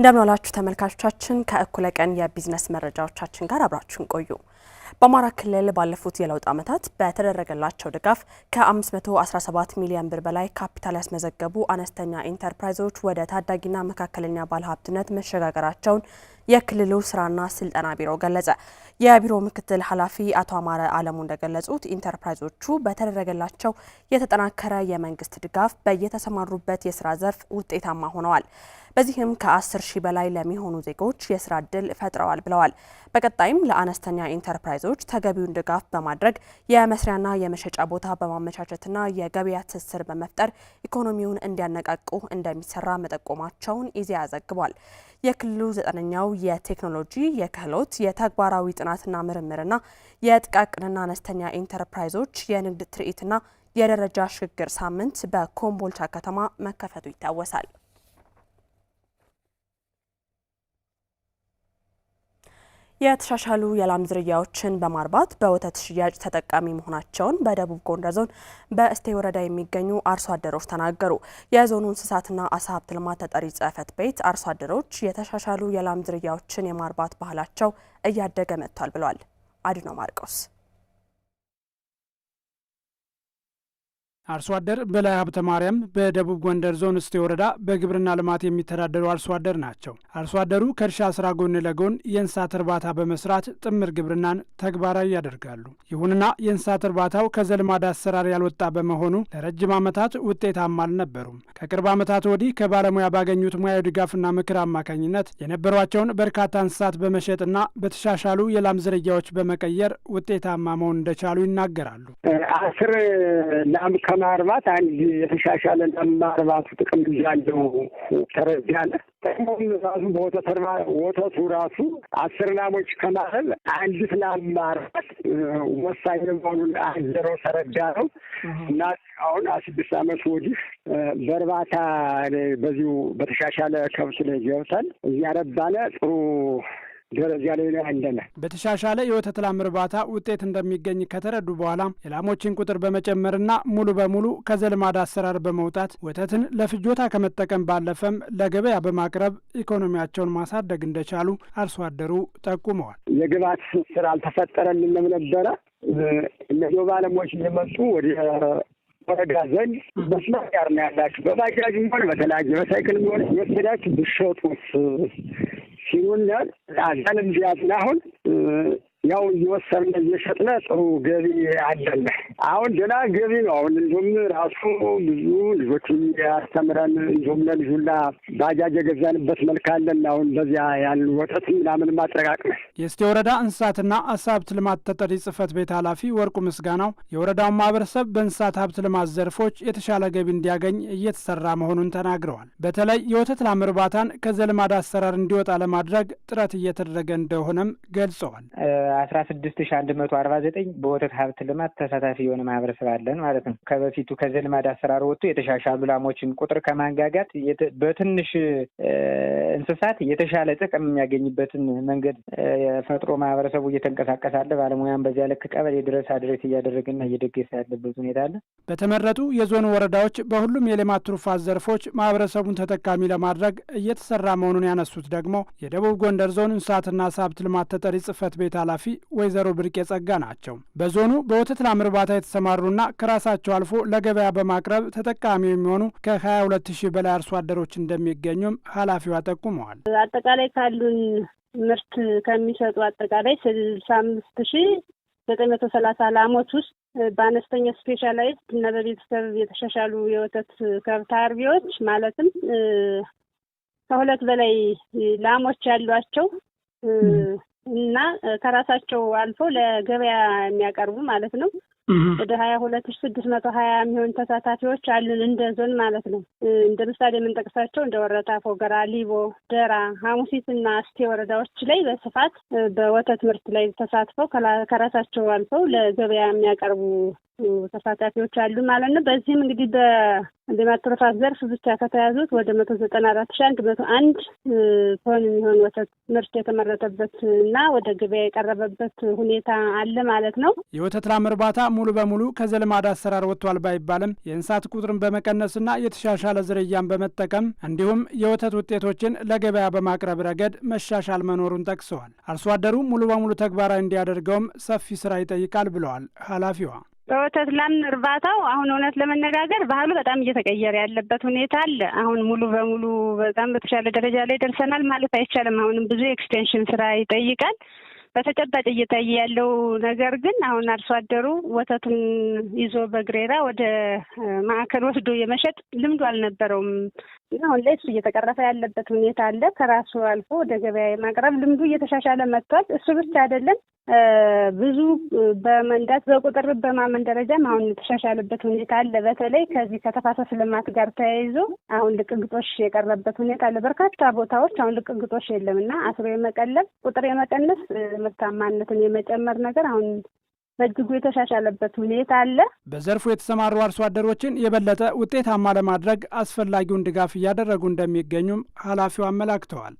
እንደምናላችሁ ተመልካቾቻችን፣ ከእኩለ ቀን የቢዝነስ መረጃዎቻችን ጋር አብራችሁን ቆዩ። በአማራ ክልል ባለፉት የለውጥ ዓመታት በተደረገላቸው ድጋፍ ከ517 ሚሊዮን ብር በላይ ካፒታል ያስመዘገቡ አነስተኛ ኢንተርፕራይዞች ወደ ታዳጊና መካከለኛ ባለሀብትነት መሸጋገራቸውን የክልሉ ስራና ስልጠና ቢሮ ገለጸ። የቢሮ ምክትል ኃላፊ አቶ አማረ አለሙ እንደገለጹት ኢንተርፕራይዞቹ በተደረገላቸው የተጠናከረ የመንግስት ድጋፍ በየተሰማሩበት የስራ ዘርፍ ውጤታማ ሆነዋል። በዚህም ከ10 ሺህ በላይ ለሚሆኑ ዜጎች የስራ እድል ፈጥረዋል ብለዋል። በቀጣይም ለአነስተኛ ኢንተርፕራይዞ አያያዞች ተገቢውን ድጋፍ በማድረግ የመስሪያና የመሸጫ ቦታ በማመቻቸትና የገበያ ትስስር በመፍጠር ኢኮኖሚውን እንዲያነቃቁ እንደሚሰራ መጠቆማቸውን ኢዜአ ዘግቧል። የክልሉ ዘጠነኛው የቴክኖሎጂ የክህሎት የተግባራዊ ጥናትና ምርምርና የጥቃቅንና አነስተኛ ኢንተርፕራይዞች የንግድ ትርኢትና የደረጃ ሽግግር ሳምንት በኮምቦልቻ ከተማ መከፈቱ ይታወሳል። የተሻሻሉ የላም ዝርያዎችን በማርባት በወተት ሽያጭ ተጠቃሚ መሆናቸውን በደቡብ ጎንደር ዞን በእስቴ ወረዳ የሚገኙ አርሶ አደሮች ተናገሩ። የዞኑ እንስሳትና አሳ ሀብት ልማት ተጠሪ ጽህፈት ቤት አርሶ አደሮች የተሻሻሉ የላም ዝርያዎችን የማርባት ባህላቸው እያደገ መጥቷል ብሏል። አድኖ ማርቆስ አርሶ አደር በላይ ሀብተ ማርያም በደቡብ ጎንደር ዞን እስቴ ወረዳ በግብርና ልማት የሚተዳደሩ አርሶ አደር ናቸው። አርሶ አደሩ ከእርሻ ስራ ጎን ለጎን የእንስሳት እርባታ በመስራት ጥምር ግብርናን ተግባራዊ ያደርጋሉ። ይሁንና የእንስሳት እርባታው ከዘልማድ አሰራር ያልወጣ በመሆኑ ለረጅም ዓመታት ውጤታማ አልነበሩም። ከቅርብ ዓመታት ወዲህ ከባለሙያ ባገኙት ሙያዊ ድጋፍና ምክር አማካኝነት የነበሯቸውን በርካታ እንስሳት በመሸጥና በተሻሻሉ የላም ዝርያዎች በመቀየር ውጤታማ መሆን እንደቻሉ ይናገራሉ። አስር ላም ለማርባት አንድ የተሻሻለ ማርባቱ ጥቅም ያለው ተረዝ ያለ ጥቅሙም ራሱ በወተት እርባ ወተቱ ራሱ አስር ላሞች ከማረብ አንዲት ላም ማርባት ወሳኝ መሆኑን አዘረው ተረዳ ነው እና አሁን አስድስት አመት ወዲህ በእርባታ በዚሁ በተሻሻለ ከብት ላይ ገብተን እያረባለ ጥሩ ደረጃ ላይ ነው ያለነ። በተሻሻለ የወተት ላም እርባታ ውጤት እንደሚገኝ ከተረዱ በኋላ የላሞችን ቁጥር በመጨመርና ሙሉ በሙሉ ከዘልማድ አሰራር በመውጣት ወተትን ለፍጆታ ከመጠቀም ባለፈም ለገበያ በማቅረብ ኢኮኖሚያቸውን ማሳደግ እንደቻሉ አርሶ አደሩ ጠቁመዋል። የግብዓት ስራ አልተፈጠረልንም ነበረ። እነዚህ ባለሙያዎች እየመጡ ወደ ወረዳ ዘንድ መስመር ጋር ነው ያላችሁ። በባጃጅ ሆነ በተለያየ በሳይክል ሆነ የወሰዳችሁ ብሸጡት ሲሉን አዛንም ዚያት ናሁን ያው እየወሰድን እየሸጥን ጥሩ ገቢ አለን። አሁን ደህና ገቢ ነው። አሁን እንዲሁም ራሱ ብዙ ልጆችን ያስተምረን እንዲሁም ለልጁላ ባጃጅ የገዛንበት መልክ አለን። አሁን በዚያ ያን ወተት ምናምን ማጠቃቅመ የእስቴ ወረዳ እንስሳትና አሳ ሀብት ልማት ተጠሪ ጽህፈት ቤት ኃላፊ ወርቁ ምስጋናው የወረዳውን ማህበረሰብ በእንስሳት ሀብት ልማት ዘርፎች የተሻለ ገቢ እንዲያገኝ እየተሰራ መሆኑን ተናግረዋል። በተለይ የወተት ላም እርባታን ከዘልማድ አሰራር እንዲወጣ ለማድረግ ጥረት እየተደረገ እንደሆነም ገልጸዋል። አስራ ስድስት ሺ አንድ መቶ አርባ ዘጠኝ በወተት ሀብት ልማት ተሳታፊ የሆነ ማህበረሰብ አለን ማለት ነው። ከበፊቱ ከዘልማድ አሰራር ወጥቶ የተሻሻሉ ላሞችን ቁጥር ከማንጋጋት በትንሽ እንስሳት የተሻለ ጥቅም የሚያገኝበትን መንገድ ፈጥሮ ማህበረሰቡ እየተንቀሳቀሰ አለ። ባለሙያም በዚያ ልክ ቀበሌ ድረስ አድሬት እያደረገና እየደገሰ ያለበት ሁኔታ አለ። በተመረጡ የዞን ወረዳዎች በሁሉም የልማት ትሩፋት ዘርፎች ማህበረሰቡን ተጠቃሚ ለማድረግ እየተሰራ መሆኑን ያነሱት ደግሞ የደቡብ ጎንደር ዞን እንስሳትና ሀብት ልማት ተጠሪ ጽህፈት ቤት ኃላፊ ኃላፊ ወይዘሮ ብርቄ ጸጋ ናቸው። በዞኑ በወተት ላም እርባታ የተሰማሩና ከራሳቸው አልፎ ለገበያ በማቅረብ ተጠቃሚ የሚሆኑ ከ22 ሺህ በላይ አርሶ አደሮች እንደሚገኙም ኃላፊዋ ጠቁመዋል። አጠቃላይ ካሉን ምርት ከሚሰጡ አጠቃላይ ስልሳ አምስት ሺህ ዘጠኝ መቶ ሰላሳ ላሞች ውስጥ በአነስተኛ ስፔሻላይዝድ እና በቤተሰብ የተሻሻሉ የወተት ከብት አርቢዎች ማለትም ከሁለት በላይ ላሞች ያሏቸው እና ከራሳቸው አልፎ ለገበያ የሚያቀርቡ ማለት ነው። ወደ ሀያ ሁለት ሺ ስድስት መቶ ሀያ የሚሆን ተሳታፊዎች አሉን እንደ ዞን ማለት ነው። እንደ ምሳሌ የምንጠቅሳቸው እንደ ወረታ፣ ፎገራ፣ ሊቦ፣ ደራ፣ ሀሙሲትና አስቴ ወረዳዎች ላይ በስፋት በወተት ምርት ላይ ተሳትፈው ከራሳቸው አልፈው ለገበያ የሚያቀርቡ ተሳታፊዎች አሉ ማለት ነው። በዚህም እንግዲህ በማትረፋት ዘርፍ ብቻ ከተያዙት ወደ መቶ ዘጠና አራት ሺ አንድ መቶ አንድ ቶን የሚሆን ወተት ምርት የተመረተበት እና ወደ ገበያ የቀረበበት ሁኔታ አለ ማለት ነው። የወተት ላም እርባታ ሙሉ በሙሉ ከዘልማድ አሰራር ወጥቷል ባይባልም የእንስሳት ቁጥርን በመቀነስና የተሻሻለ ዝርያን በመጠቀም እንዲሁም የወተት ውጤቶችን ለገበያ በማቅረብ ረገድ መሻሻል መኖሩን ጠቅሰዋል። አርሶ አደሩ ሙሉ በሙሉ ተግባራዊ እንዲያደርገውም ሰፊ ስራ ይጠይቃል ብለዋል ኃላፊዋ። በወተት ላም እርባታው አሁን እውነት ለመነጋገር ባህሉ በጣም እየተቀየረ ያለበት ሁኔታ አለ። አሁን ሙሉ በሙሉ በጣም በተሻለ ደረጃ ላይ ደርሰናል ማለት አይቻልም። አሁንም ብዙ ኤክስቴንሽን ስራ ይጠይቃል። በተጨባጭ እየታየ ያለው ነገር ግን አሁን አርሶ አደሩ ወተቱን ይዞ በግሬራ ወደ ማዕከል ወስዶ የመሸጥ ልምዱ አልነበረውም። አሁን ላይ እሱ እየተቀረፈ ያለበት ሁኔታ አለ። ከራሱ አልፎ ወደ ገበያ የማቅረብ ልምዱ እየተሻሻለ መጥቷል። እሱ ብቻ አይደለም፣ ብዙ በመንዳት በቁጥር በማመን ደረጃም አሁን የተሻሻለበት ሁኔታ አለ። በተለይ ከዚህ ከተፋሰስ ልማት ጋር ተያይዞ አሁን ልቅግጦሽ የቀረበት ሁኔታ አለ። በርካታ ቦታዎች አሁን ልቅግጦሽ የለም እና አስሮ የመቀለብ ቁጥር የመቀነስ ምርታማነትን የመጨመር ነገር አሁን በእጅጉ የተሻሻለበት ሁኔታ አለ። በዘርፉ የተሰማሩ አርሶ አደሮችን የበለጠ ውጤታማ ለማድረግ አስፈላጊውን ድጋፍ እያደረጉ እንደሚገኙም ኃላፊው አመላክተዋል።